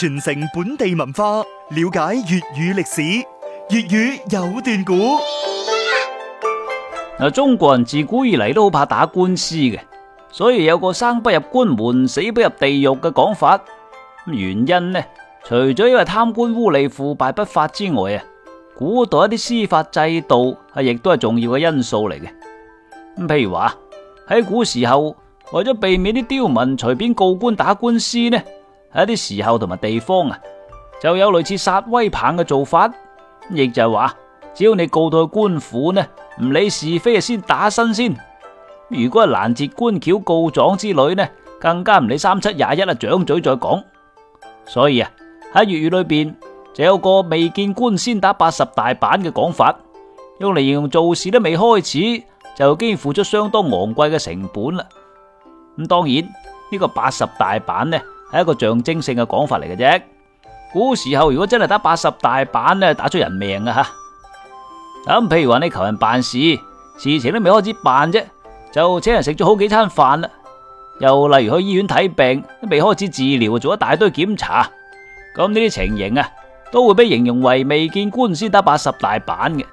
傳承本地文化，了解粵語歷史，粵語有段古。嗱，中國人自古以來都好怕打官司嘅，所以有個生不入官門、死不入地獄嘅講法。咁原因呢，除咗因為貪官污吏腐敗不法之外啊，古代一啲司法制度係亦都係重要嘅因素嚟嘅。咁譬如話喺古時候，為咗避免啲刁民隨便告官打官司呢。喺啲時候同埋地方啊，就有類似殺威棒嘅做法，亦就係話，只要你告到官府呢，唔理是非啊，先打身先。如果係攔截官轎告狀之類呢，更加唔理三七廿一啊，掌嘴再講。所以啊，喺粵語裏邊就有個未見官先打八十大板嘅講法，用嚟形容做事都未開始就已經付出相當昂貴嘅成本啦。咁當然呢，呢個八十大板呢，係一個象徵性嘅講法嚟嘅啫。古時候如果真係打八十大板咧，打出人命啊。吓。咁譬如話你求人辦事，事情都未開始辦啫，就請人食咗好幾餐飯啦。又例如去醫院睇病，都未開始治療，做一大堆檢查，咁呢啲情形啊，都會被形容為未見官先打八十大板嘅。